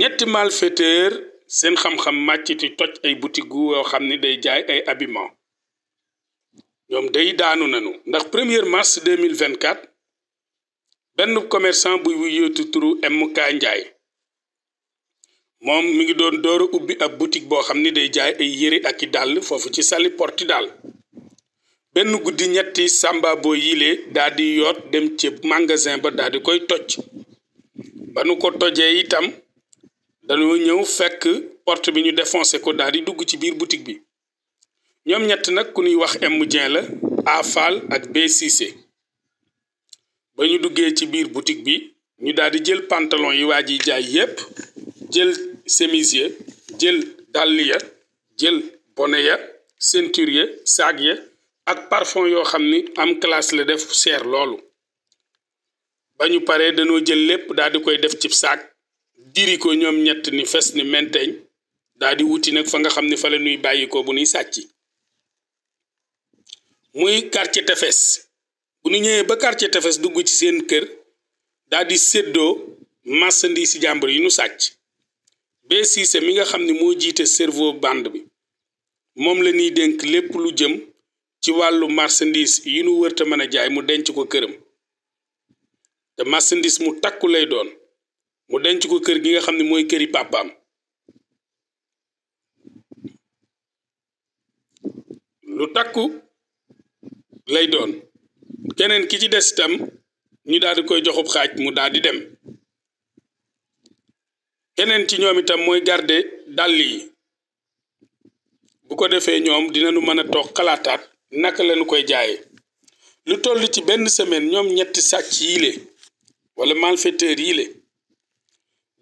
ñetti malfaiteur seen xam-xam màcc toj ay boutique woo xam ni day jaay ay habillement ñoom day daanu nañu ndax premier mars 2024 benn commerçant buy wuyootu turu MK Ndiaye moom mu ngi doon doora ubbi ab boutique boo xam ni day jaay ay yére ak i dàll foofu ci Saly daal benn guddi ñetti sàmba boo yile dal di yoot dem ci magasin ba daal di koy toj ba nu ko tojee itam dañoo ñëw fekk porte bi ñu défoncé ko daal di dugg ci biir boutique bi ñoom ñett nag ku ñuy wax M Dieng la A Fall ak B Cissé ba ñu duggee ci biir boutique bi ñu daal di jël pantalon yi waa ji jaay yépp jël semis ya jël dàll ya jël bone ya ceinture ya saag ya ak parfon yoo xam ni am classe la def cher loolu ba ñu paree dañoo jël lépp daal di koy def ci saag. diri ko ñoom ñett ni fes ni menteñ daal di wuti nag fa nga xam ni fale nuy ñuy bu nuy sàcc muy quartier tefes bu ñu ñëwee ba quartier tefes dugg ci seen kër daal di séddoo si jàmbur yi nu sàcc bee siise mi nga xam ni moo jiite cerveau bande bi moom la ñuy dénk lépp lu jëm ci wàllu marchandise yi nu wërta mën a jaay mu denc ko këram te marchandise mu takku lay doon mu denc ko kër gi nga xam ne mooy këri papaam lu takku lay doon keneen ki ci des itam ñu daal koy joxub xaaj mu daal dem keneen ci ñoom itam mooy garde dàll yi bu ko defee ñoom dinañu mën a toog xalaataat naka lañu koy jaaye lu toll ci benn semaine ñoom ñetti sàcc yii le wala malfaiteur yii le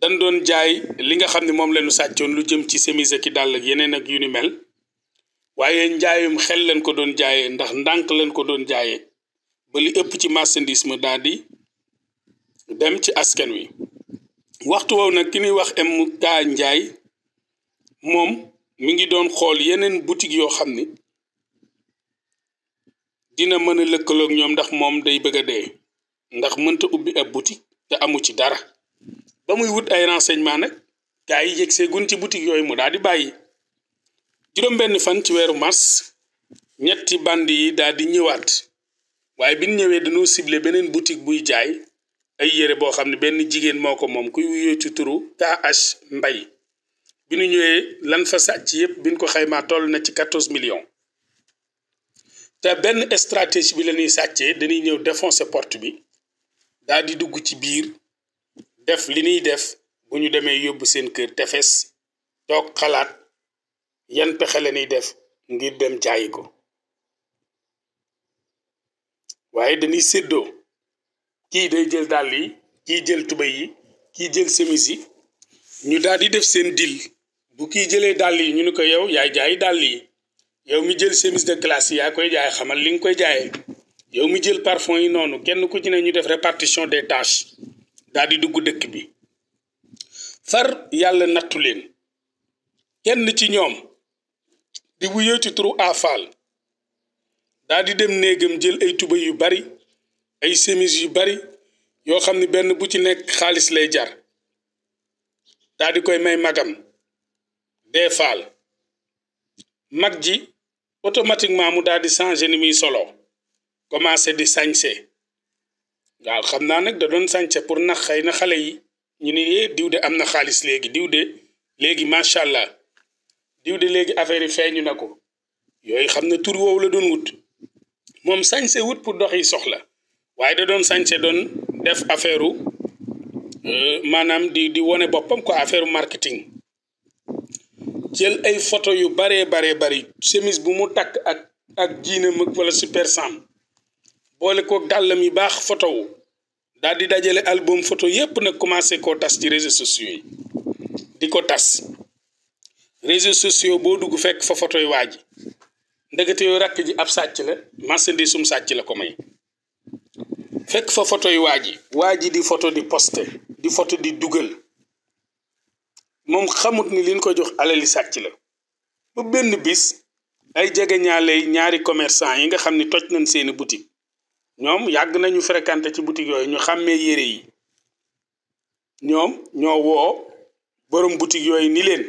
dañ doon jaay li nga xam ne moom lanu sàccoon lu jëm ci chemise ki dàll ak yeneen ak yu ni mel waaye njaayum xel leen ko doon jaayee ndax ndànk lañ ko doon jaaye ba li ëpp ci marchandise ma daal di dem ci askan wi waxtu woowu nag ki ñuy wax MK Ndiaye moom mu ngi doon xool yeneen boutique yoo xam ni dina mën a lëkkaloog ñoom ndax moom day bëgg a dee ndax mënta ubbi ab boutique te amu ci dara ba muy wut ay renseignement nag kaa yi yëg see gun ci boutique yooyu mu daa di bàyyi juróom benn fan ci weeru mars ñetti band yi daal di ñëwaat waaye bi ñëwee dañoo ciblé beneen boutique buy jaay ay yére boo xam ne benn jigéen moo ko moom kuy wuyoo ci turu KH Mbay bi ñu ñëwee lan fa sàcc yépp bi ñu ko xaymaa toll na ci quatorze million te benn stratégie bi la sàccee dañuy ñëw défoncer porte bi daal di dugg ci biir def li ñuy def bu ñu demee yóbbu seen kër tefes toog xalaat yan pexe la def ngir dem jaayi ko waaye dañuy seddoo kii day jël dàll yi kii jël tubéy yi kii jël semis yi ñu daal di def seen dil bu kii jëlee dàll yi ñu ne ko yow yaay jaayi dàll yi yow mi jël chemise de classe yaa koy jaay xamal li nga koy jaayee yow mi jël parfum yi noonu kenn ku ci ne ñu def répartition des tâches daal di dugg dëkk bi far yàlla nattu leen kenn ci ñoom di wuyoo ci turu afaal daal di dem néegam jël ay tuba yu bari ay semis yu bari yoo xam ni benn bu ci nekk xaalis lay jar daal koy may magam dee faal mag ji automatiquement mu daal di changé ni muy solo commencé di sañse waaw xam naa nag da doon sànce pour nax xëy na xale yi ñu ne eh diw de am na xaalis léegi diw de léegi macha allah diw de léegi affaire yi feeñu na ko yooyu xam na tur woowu la doon wut moom sañse wut pour dox yi soxla waaye da doon sànce doon def affaire euh, maanaam di di wone boppam ko affaire marketing jël ay photo yu baree baree bari chemise bu mu takk ak ak jiinam ak wala super sam boole ko dàllam yi baax photo wu daal di dajale album foto yépp nag commencé koo tas ci réseaux sociaux yi di ko tas réseaux sociaux boo dugg fekk fa photo waa ji ndekete yooyu rakk ji ab sàcc la marchandise sum sàcc la ko may fekk fa photo waa ji waa ji di photo di poste di photo di dugal moom xamut ni liñ ko jox alali sàcc la ba benn bis ay jege ñaale ñaari commerçant yi nga xam ni toj nañ seeni boutique ñoom yàgg nañu fréquenté ci boutique yooyu ñu xàmmee yére yi ñoom ñoo woo borom boutique yooyu ni leen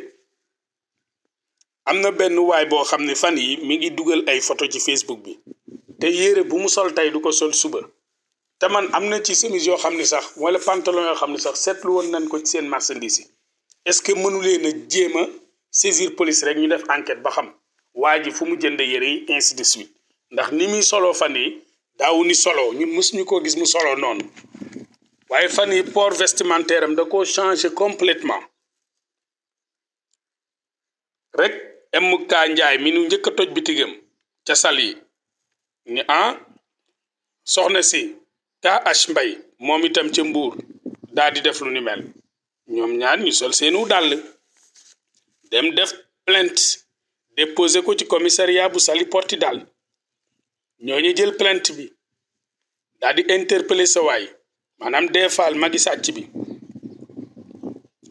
am na benn waay boo xam ne fan yi mi ngi dugal ay photo ci Facebook bi te yére bu mu sol tey du ko sol suba te man am na ci chemise yoo xam ne sax wala pantalon yoo xam ne sax seetlu woon nañ ko ci seen marchandise yi est-ce que mënu leen a jéem a saisir police rek ñu def enquête ba xam waa ji fu mu jënd yére yi ainsi de suite ndax ni muy soloo fan yi daaw ni solo ñun mësuñu ko gis mu solo noonu waaye fan yi port vestimentaire am da ko changé complètement rek MK Njaay mi nu njëkk a toj bitigam ca sal yi ni ah soxna si KH Mbay moom itam ca mbuur daa di def lu ni mel ñoom ñaar ñu sol seenu dàll dem def plainte déposé ko ci commissariat bu Saly Portudal ñooñu jël plainte bi daal di interpeller sa waay maanaam dee faal magi sàcc bi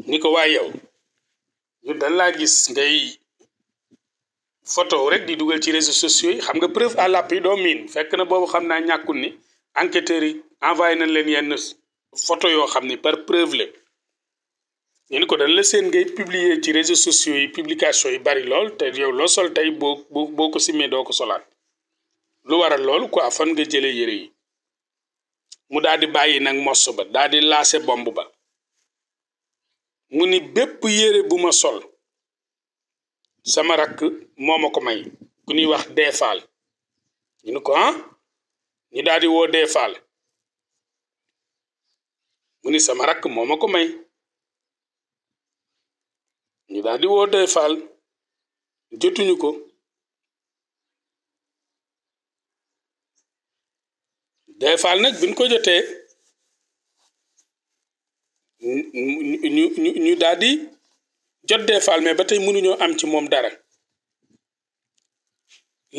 ni ko waay yow ñu dañ laa gis ngay photo rek di dugal ci réseaux sociaux yi xam nga preuve à l'appui doo miin fekk na boobu xam naa ñàkkul ni enquêteurs yi envoyé nañ leen yenn photo yoo xam ni par preuve la ñu ko dañ la seen ngay publier ci réseaux sociaux yi publication yi bari lool te yow loo sol tey boo boo ko simee doo ko solaat lu waral loolu ko afan nga jële yére yi mu daal di bàyyi nag mos ba daal di laase bomb ba mu ni bépp yére bu ma sol sama rakk moo ma ko may ku ñuy wax deefaal ñu ni ko ah ñu daal di woo deefaal mu ni sama rakk moo ma ko may ñu daal woo deefaal jotuñu ko Yaay Faal nag bi ñu ko jotee ñu ñu ñu jot dee Faal mais ba tey mënuñoo am ci moom dara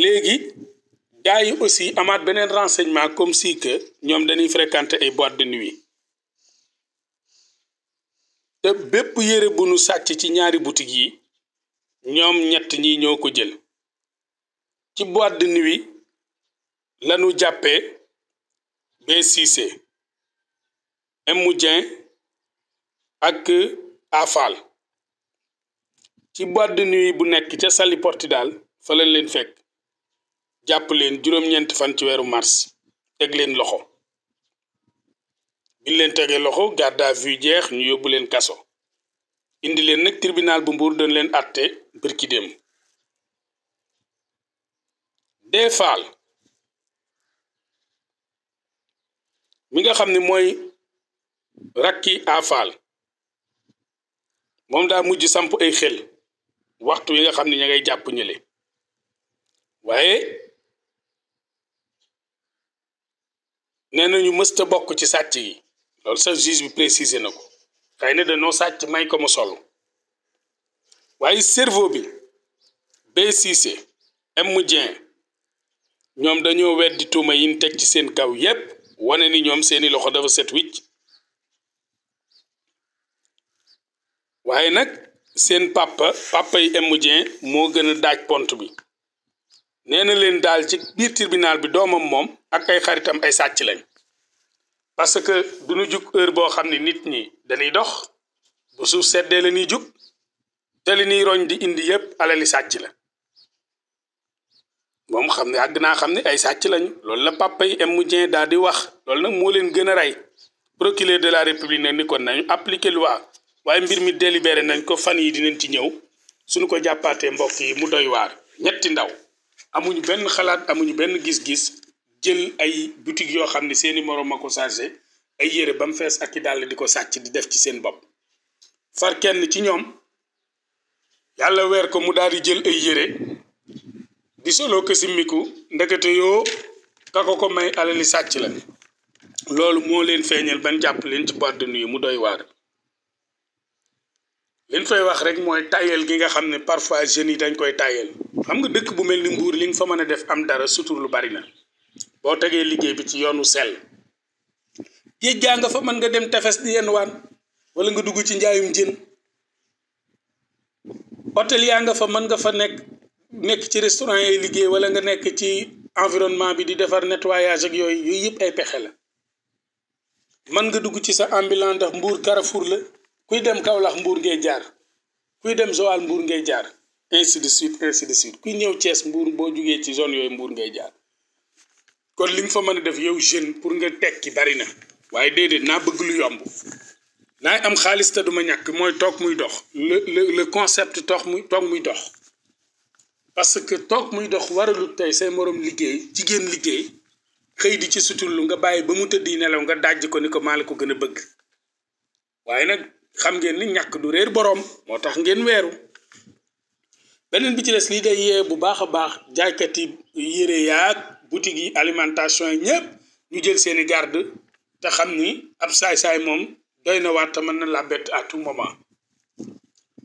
léegi gars yi aussi amaat beneen renseignement comme si que ñoom dañuy fréquenter ay boîte de nuit te bépp yére bu nu sàcc ci ñaari boutique yi ñoom ñett ñi ñoo ko jël ci boîte de nuit lañu jàppee. B Cissé M Dieng ak A Fall ci boîte de bu nekk ca Saly Portudal fa lañ leen fekk jàpp leen juróom-ñeent fan ci weeru mars teg leen loxo biñ leen tegee loxo garde à jeex ñu yóbbu leen kaso indi leen nag tribunal bu Mbuur doon leen àtte bërki dem dee Fall mi nga xam ne mooy rakki afaal moom daa mujj samp ay xel waxtu yi nga xam ne ña ngay jàpp ñële waaye nee nañu mësta bokk ci sàcc yi loolu sa juge bi précisé na ko xëy ne dañoo sàcc may ko mu sol waaye cerveau bi B6C M ñoom dañoo di tuuma yi ñu teg ci seen kaw yépp wane ni ñoom seeni loxo dafa set wicc waaye nag seen papa papa yi Emodien moo gën a daaj pont bi nee na leen daal ci biir tribunal bi doomam moom ak ay xaritam ay sàcc lañ parce que du ñu jug heure boo xam ne nit ñi dañuy dox bu suuf seddee la ñuy jug te li nuy roñ di indi yépp alali sàcc la moom xam ne ak naa xam ne ay sàcc lañu lool la papa mu M Dieng daal di wax loolu nag moo leen gën a rey procureur de la république nag ni kon nañu appliqué loi waaye mbir mi délibéré nañ ko fan yi dinañ ci ñëw suñu ko jàppaatee mbokk yi mu doy waar ñetti ndaw amuñu benn xalaat amuñu benn gis-gis jël ay boutique yoo xam ne seeni moroom a ko chargé ay yére ba mu fees ak i dàll di ko sàcc di def ci seen bopp far kenn ci ñoom yàlla weer ko mu daal di jël ay yére di solo ko simmiku ndekete yoo ka ko ko may alali sàcc la loolu moo leen feeñal ban jàpp leen ci boîte de mu doy waar liñ fay wax rek mooy tayel gi nga xam ne parfois jeunes yi dañ koy tayel xam nga dëkk bu mel ni mbuur li nga fa mën a def am dara sutur lu bari boo tegee liggéey bi ci yoonu sell géej gaa nga fa mën nga dem tefes di yenn waan wala nga dugg ci njaayum jën hôtel yaa nga fa mën nga fa nekk nekk ci restaurant yi liggéey wala nga nekk ci environnement bi di defar nettoyage ak yooyu yooyu yëpp ay pexe la mën nga dugg ci sa ambulance ndax mbuur Carrefour la kuy dem Kaolack mbuur ngay jaar kuy dem Joal mbuur ngay jaar ainsi de suite ñëw Thiès mbuur boo jugee ci zone yooyu mbuur ngay jaar kon li fa mën a def yow jeune pour nga tekki bari na waaye déedéet naa bëgg lu yomb naay am xaalis te duma ñàkk mooy toog muy dox le le concept toog muy toog muy dox parce que toog muy dox waralu tey say moroom liggéey jigéen liggéey xëy di ci lu nga bàyyi ba mu tëddi nelaw nga dajj ko ni ko maa la ko gën a bëgg waaye nag xam ngeen ni ñàkk du réer boroom moo tax ngeen weeru beneen bi ci des lii day yee bu baax a baax jaaykat yi yére yaag boutique yi alimentation yi ñëpp ñu jël seeni garde te xam ni ab saay-saay moom doy na waat te mën na la bett à moment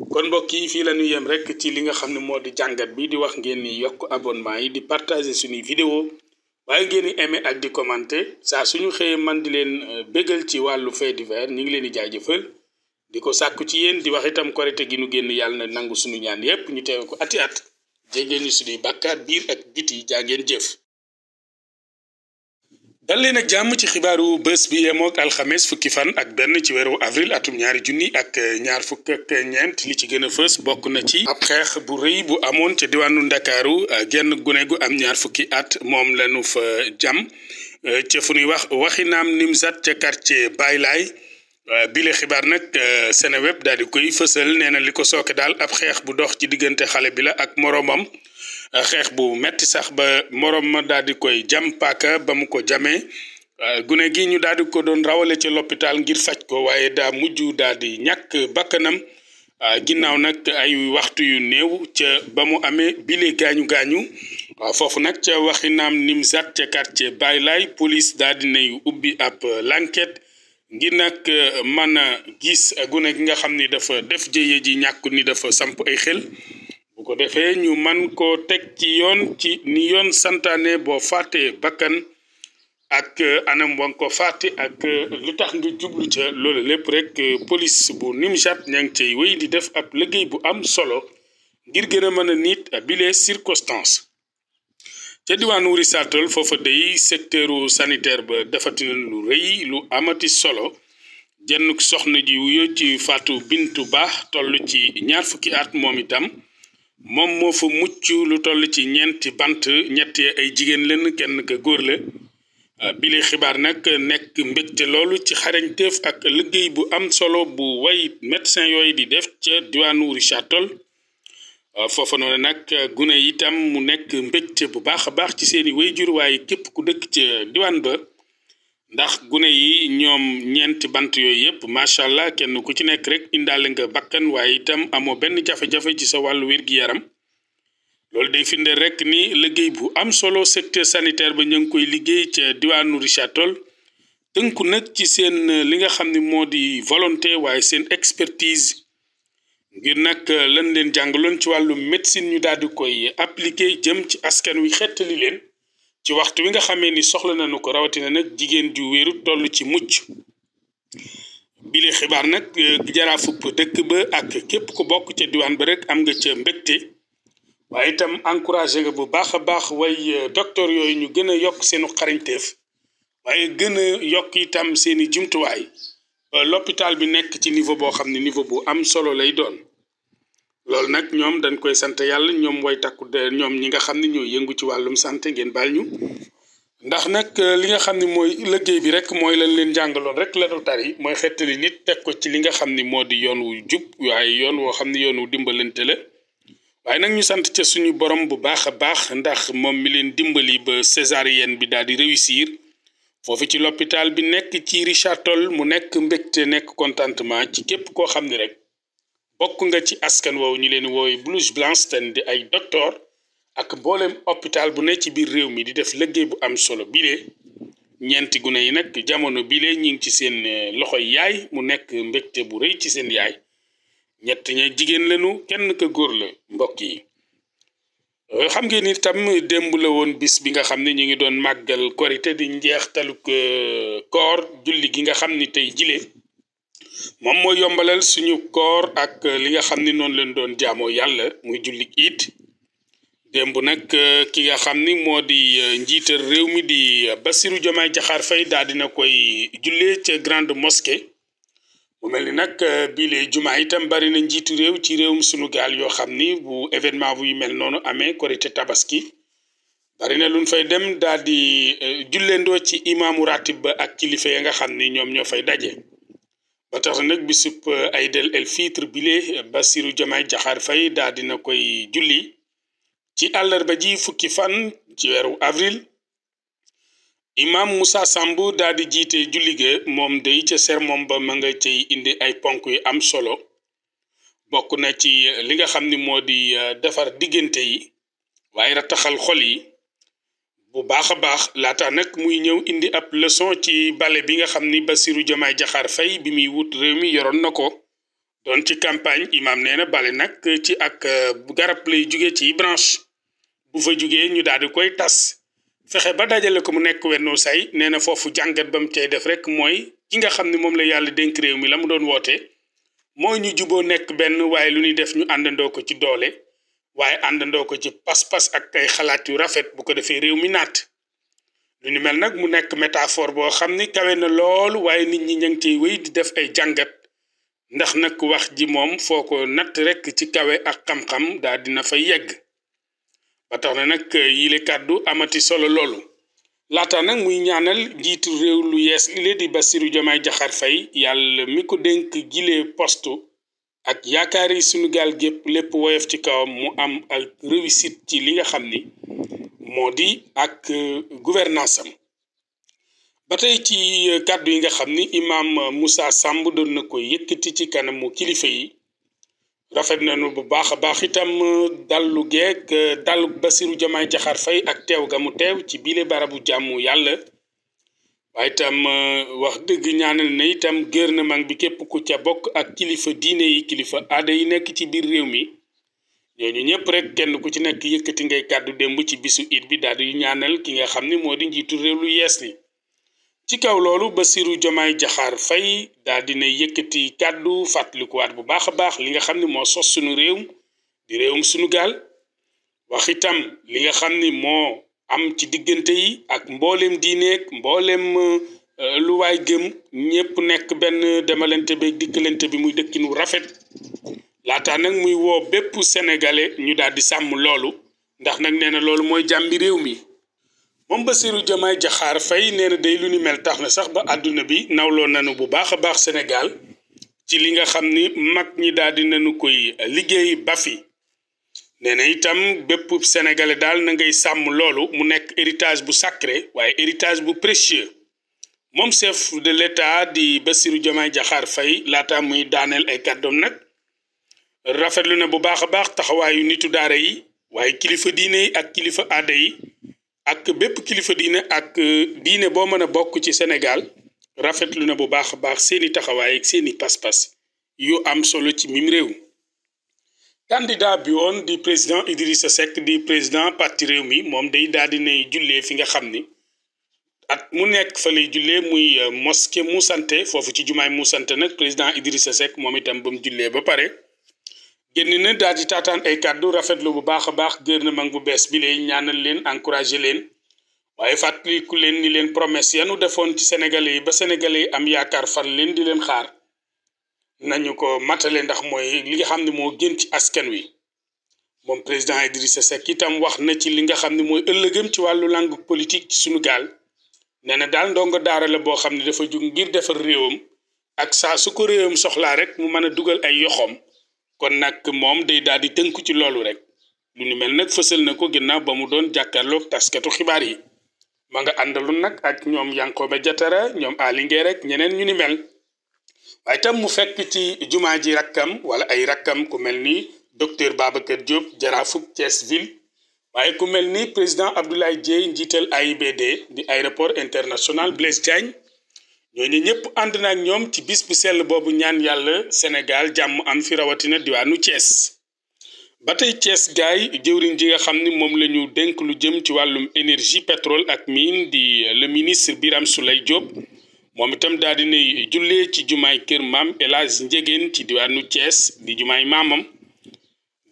kon mbokk yi fii la ñu yem rek ci li nga xam ne moo di jàngat bi di wax ngeen ni yokk abonnement yi di partager suñuy vidéo waaye ngeen di aimer ak di commenter saa suñu xëyee man di leen euh, bégal ci wàllu fait divers ñu ngi leen di jaajëfal di ko sàkku ci yéen di wax itam korite gi nu génn yàlla na nangu suñu ñaan yépp ñu teewe ko ati at jéggeen ñu suñuy bàkkaar biir ak biti yi ngeen jëf dal leen ak jàmm ci xibaaru bës bi yemook alxames fukki fan ak benn ci weeru avril atum ñaari junni ak ñaar fukk ak ñeent li ci gën a fës bokk na ci ab xeex bu rëy bu amoon ca diwaanu ndakaaru genn gune gu am ñaar fukki at moom lanu fa jam ca fu ñuy wax waxi naam Nimzat ca quartier Baylaay bile xibaar nag Seneweb daal di koy fësal nee na li ko sooke daal ab xeex bu dox ci diggante xale bi la ak moroomam xeex bu metti sax ba moroom ma daldi koy jam paaka ba mu ko jamee euh, gune gi ñu daal di ko doon rawale ci l'hôpital ngir faj ko waaye daa mujj daal ñàkk bakkanam euh, ginnaaw nag ay waxtu yu néew ca ba mu amee bile gaañu gaañu euh, foofu nag ca Waxinam Nimzat ca quartier Baylay police daal di nay ubbi ab l'enquête ngir nag mën a gis gune gi nga xam ni dafa def jëye ji ñàkk ni dafa samp ay xel. bu ko defee ñu man ko teg ci yoon ci ni yoon santaane boo fàttee bakkan ak euh, anam wa nga ko fàtte ak euh, lu tax nga jublu ca loolu lépp rek euh, police bu Nimjat ña ngi cay wéy di def ab liggéey bu am solo ngir gën a mën a nit bile circonstance ca diwaanu Risaatal foofa day secteuru sanitaire ba defati na lu rëy lu amati solo jenn soxna ji wuyo ci Fatou Bintou Ba toll ci ñaar fukki at moom itam moom moo fa mucc lu toll ci ñeenti bant ñetti ay jigéen leen kenn ka góor la ah, bile xibaar nag nekk mbégte loolu ci xarañteef ak liggéey bu am solo bu way médecin yooyu di def ca diwaanu Richard Toll ah, foofa noonu nag gune itam mu nekk mbégte bu baax a baax ci seeni wayjur waaye képp ku dëkk ca diwaan ba ndax gune yi ñoom ñeenti bant yooyu yëpp macha allah kenn ku ci nekk rek indaale nga bakkan waaye itam amoo benn jafe-jafe ci sa wàllu wér yaram loolu day firndeel rek ni liggéey bu am solo secteur sanitaire ba ñu ngi koy liggéey ca diwaanu Richard Toll tënku nag ci seen eh, li nga xam ni moo di volonté waaye seen expertise ngir nag eh, lan leen jàngaloon ci wàllu médecine ñu daal di koy appliquer jëm ci askan wi xettali leen. ci waxtu wi nga xamee ni soxla nañu ko rawatina nag jigéen ju wéeru tollu ci mucc bile xibaar nag jaraa eh, jaraafu dëkk ba ak képp ku bokk ca diwaan ba rek am nga ca mbégte waaye itam encouragé nga bu baax a baax way eh, docteur yooyu ñu gën a yokk seenu xarañteef waaye gën a yokk itam seeni jumtuwaay eh, l'hôpital bi nekk ci niveau boo xam ne niveau bu am solo lay doon loolu nag ñoom dañ koy sant yàlla ñoom way takku ñoom ñi nga xam ne ñoo yëngu ci wàllum santé ngeen baal ñu ndax nag euh, li nga xam ne mooy liggéey bi rek mooy lañ leen jàngaloon rek lanu tari mooy xettali nit teg ko ci li nga xam ni moo di yoon wu jub waaye yoon woo xam ne yoon wu dimbalante la waaye nag ñu sant ca suñu borom bu baax a baax ndax moom mi leen dimbali ba césarienne bi daal di réussir foofu ci l'hôpital bi nekk ci Richard Toll mu nekk mbégte nekk contentement ci képp koo xam ni rek bokk nga ci askan woowu ñu leen wooyu blouse blanche ten di ay docteur ak mbooleem hôpital bu ne ci biir réew mi di def liggéey bu am solo bile ñeenti gune yi nag jamono bile ñu ngi ci seen eh, loxoy yaay mu nekk mbégte bu rëy ci seen yaay ñett ña jigéen lañu kenn ka góor la mbokk yi eh, xam ngeen ni tam démb la woon bis bi nga xam ne ñu ngi doon màggal korité di njeextaluk eh, koor julli gi nga xam ni tey jile moom moo yombalal suñu koor ak li nga xam ni noonu leen doon jaamoo yàlla muy julli iit démb nag euh, ki nga xam ni moo di euh, njiital réew mi di euh, Bassirou Diomaye Diakhar fay daal na koy jullee ca grande mosquée mu mel ni nag bii lee jumaa itam bari na njiitu réew ci réew réewum sunu gaal yoo xam ni bu événement buy mel noonu amee korite tabaski bari na luñ fay dem daal di julleendoo ci imaamu ratib ba ak kilifa ya nga xam ni ñoom ñoo fay daje ba tax nag bisub eh, Aïd el-Fitr bile eh, Bassirou Diomaye Diakhar fay daal dina koy julli ci àllarba ji fukki fan ci weeru avril imam Moussa Samb daal di jiite julli ga moom day ca sermon ba ma nga cay indi ay ponk yu am solo bokk na ci li nga xam ni moo di eh, defar diggante yi waaye rattaxal xol yi bu baax a baax laata nag muy ñëw indi ab leson ci bale bi nga xam ni Bassirou Diomaye Diakhar Faye bi muy wut réew mi yoroon na ko doon ci campagne imaam nee na bale nag ci ak euh, garab lay jugee ci branche bu fa jugee ñu daal di koy tas fexe ba dajale ko mu nekk wennoo say nee na foofu jàngat ba mu cay def rek mooy ki nga xam ne moom la yàlla dénk réew mi la mu doon woote mooy ñu juboo nekk benn waaye lu ñuy def ñu àndandoo ko ci doole waaye àndandoo ko ci pas-pas ak ay xalaat yu rafet bu ko defee réew mi naat lu ni mel nag mu nekk métaphore boo xam ne kawe na loolu waaye nit ñi ña ngi ciy wéy di def ay jàngat ndax nag wax ji moom foo ko natt rekk ci kawe ak xam-xam daa dina fa yegg ba tax na nag yile kàddu amati solo loolu laata nag muy ñaanal njiitu réew lu yees li di Bassirou Diomaye Diakhar Faye yàlla mi ko dénk gile postu ak yaakaar yi suñu gaal gépp lépp woyof ci kawam mu am ak réussite ci li nga xam ni moo di ak euh, gouvernance am ba tey ci euh, kàddu yi nga xam ni imaam Moussa Samb doon na ko yëkkati ci kanamu kilifa yi rafet na nu bu baax a baax itam euh, dallu geeg dallu Basiru Jamaay Jaxaar Fay ak teew ga mu teew ci biile barabu jàmm yàlla waaye itam euh, wax dëgg ñaanal na itam na mag bi képp ku ca bokk ak kilifa diine yi kilifa aada yi nekk ci biir réew mi ñooñu ñëpp rek kenn ku ci nekk yëkkati ngay kàddu démb ci bisu it bi daal di ñaanal ki nga xam ni moo di njiitu réew lu yees li ci kaw loolu Bassirou Diomaye Diakhar Faye daal na yëkkati kàddu waat bu baax a baax li nga xam ni moo sos sunu réew di réewum sunu gaal waxitam li nga xam ni moo am ci diggante yi ak mbooleem diineeg mbooleem euh, lu waay gëm ñëpp nekk benn demalante beeg dikkalante bi muy dëkkinu rafet laata nag muy woo bépp sénégalais ñu daal di sàmm loolu ndax nag nee na loolu mooy jàmbi réew mi moom Bassirou Diomaye Diakhar Faye nee na day lu ni mel tax na sax ba àdduna bi nawloo nanu bu baax a baax senegal ci li nga xam ni mag ñi daal di nanu koy liggéey ba fi nee na itam bépp sénégalais daal na ngay sàmm loolu mu nekk héritage bu sacré waaye héritage bu précieux moom chef de l'État di Bassirou Diomaye Diakhar fay laata muy daaneel ay kàddoom nag rafetlu na bu baax a baax taxawaayu nitu daara yi waaye kilifa diine yi ak kilifa aada yi ak bépp kilifa diine ak biine euh, boo mën a bokk ci Sénégal rafetlu na bu baax a baax seeni taxawaay seeni pas-pas yu am solo ci mim réew candidat bi woon di président Idrissa Seck di président parti réew mi moom day daal di nay julee fi nga xam ni at mu nekk fa lay jullee muy euh, mosquée Moussante foofu ci jumaay Moussante nag président Idrissa Seck moom itam ba mu jullee ba pare génn na daal di taataan ay kàddu rafetlu bu baax a baax gouvernement bu bees bi lay ñaanal leen encouragé leen waaye fàttaliku leen ni leen promesse yanu defoon ci sénégalais yi ba sénégalais yi am yaakaar fan leen di leen xaar nañu ko matale ndax mooy li nga xam ne moo gën ci askan wi moom président Idrissa Seck itam wax na ci li nga xam ne mooy ëllëgëm ci wàllu langue politique ci sunu gaal nee na daal ndongo daara boo xam ne dafa jug ngir defar réewam ak saa su ko réewam soxlaa rek mu mën a dugal ay yoxoom kon nag moom day daal di tënku ci loolu rek lu ni mel nag fësal na ko ginnaaw ba mu doon jàkkaarloog taskatu xibaar yi ma nga àndaloon nag ak ñoom Yankhoba Diattara ñoom Aly Ngueye rek ñeneen ñu waaye itam mu fekk ci jumaa ji rakkam wala ay rakkam ku mel ni docteur Babacar Diop jaraafub Thiès ville waaye ku mel ni président Abdoulaye Dieye njiital AIBD di aéroport international Blaise Diagne ñooñu ñëpp ànd na ak ñoom ci bis bu sell boobu ñaan yàlla Sénégal jàmm am fi rawatina diwaanu Thiès ba tey Thiès gaay jëwriñ ji nga xam ni moom la ñu dénk lu jëm ci wàllum énergie pétrole ak mine di le ministre biram sulay Diop moom itam daal di nay jullee ci jumaay kër maam El Hadj Ndiéguène ci diwaanu Thiès di jumaay maamam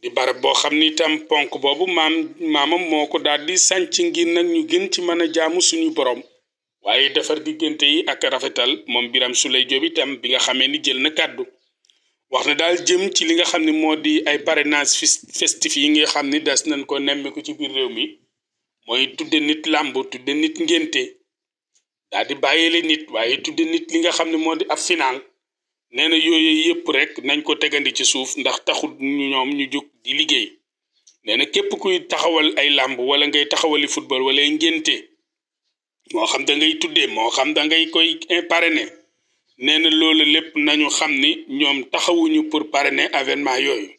di barab boo xam ni itam ponk boobu maam maamam moo ko daal di sànc ngir nag ñu gën ci mën a jaamu suñu borom waaye defar diggante yi ak rafetal moom Birame Souleye Diop itam bi nga xamee ni jël na kàddu wax na daal jëm ci li nga xam ne moo di ay parrainage festif yi nga xam ni des nañ ko nemmiku ci biir réew mi mooy tudde nit làmb tudde nit ngénte daal di leen nit waaye tudde nit li nga xam ne moo di ab final nee na yooyu yëpp rek nañ ko tegandi ci suuf ndax taxul ñoom ñu jóg di liggéey nee na képp kuy taxawal ay làmb wala ngay taxawali football wala ngénte moo xam da ngay tuddee moo xam da ngay koy parrainer nee na loolu lépp nañu xam ni ñoom taxawuñu pour ne événement yooyu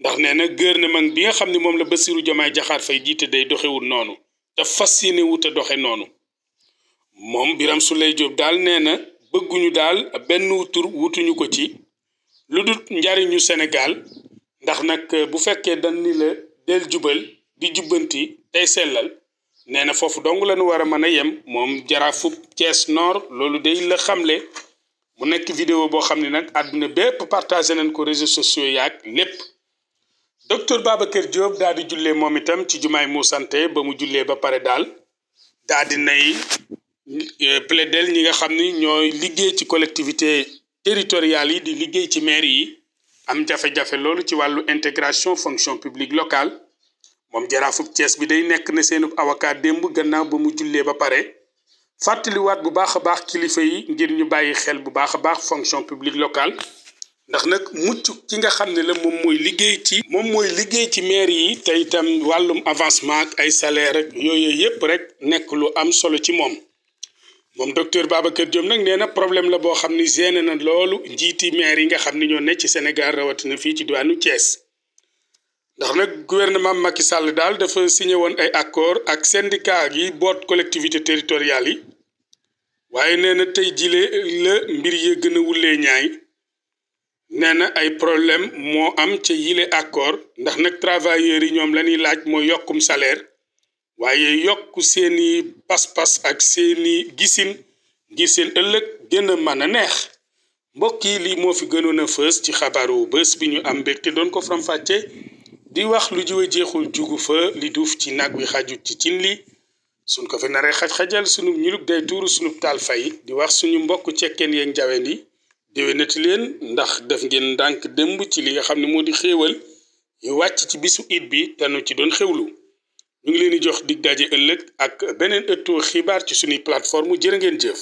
ndax nee na gouvernement bi nga xam ne moom la Bassirou Diomaye Diakhar fay jiite day doxewul noonu te fas yéene wut doxe noonu moom biram Souleye Diop daal nee na bëgguñu daal benn tur wutuñu ko ci lu dul njariñu senegal ndax nag bu fekkee dañ ni la del jubal di jubbanti tey sellal nee na foofu dong lañu war a mën a yem moom jaraafu cees noor loolu de la xamle mu nekk vidéo boo xam ne nag àdduna bépp partagé nañ ko réseaux sociaux yaag lépp docteur kër Diop daal di jullee moom itam ci jumaay mu sante ba mu jullee ba pare daal daal di nay Euh, plaidel ñi nga xam ni ñooy liggéey ci collectivité territoriales yi di liggéey ci maire yi am jafe-jafe loolu ci wàllu intégration fonction publique locale moom jaraafub Thiès bi day nekk na seenub avocat démb gannaaw ba mu jullee ba pare fàttaliwaat bu baax a baax kilifa yi ngir ñu bàyyi xel bu baax a baax fonction publique locale ndax nag mucc ki nga xam ne la moom mooy liggéey ci moom mooy liggéey ci maire yi tey itam wàllum avancement ay salaire ak yëpp rek nekk lu am solo ci moom moom docteur Babacar Diop nag nee na problème la boo xam ni gêné na loolu njiiti maire yi nga xam ni ñoo ne ci Sénégal rawatina fii ci diwaanu Thiès ndax nag gouvernement Macky Sall daal dafa signé woon ay accord ak syndicat gi boot collectivité territoriale yi waaye nee na tey jile la mbir yee gën a ñaay nee na ay problème moo am ca yile accord ndax nag travailleurs yi ñoom la laaj mooy yokkum salaire waaye yokk seeni paspas pas ak seeni gisin ngir seen ëllëg gën a mën a neex mbokk yi lii moo fi gënoon a fës ci wu bés bi ñu am mbégte doon ko faram-fàcce di wax lu jiwe jeexul jugu fa li duuf ci nag wi xajut ci cin li suñ ko fi naree xaj-xajal sunu ñulub day tuuru sunub taal fay di wax suñu mbokk cekkeen yeeg njaween na déwénati leen ndax def ngeen ndànk démb ci li nga xam ne moo di xéewal yu wàcc ci bisu it bi te ci doon xewlu ñu ngi leen di jox dig daje ëllëg ak beneen ëttu xibaar ci suñuy plateforme jërë ngeen jëf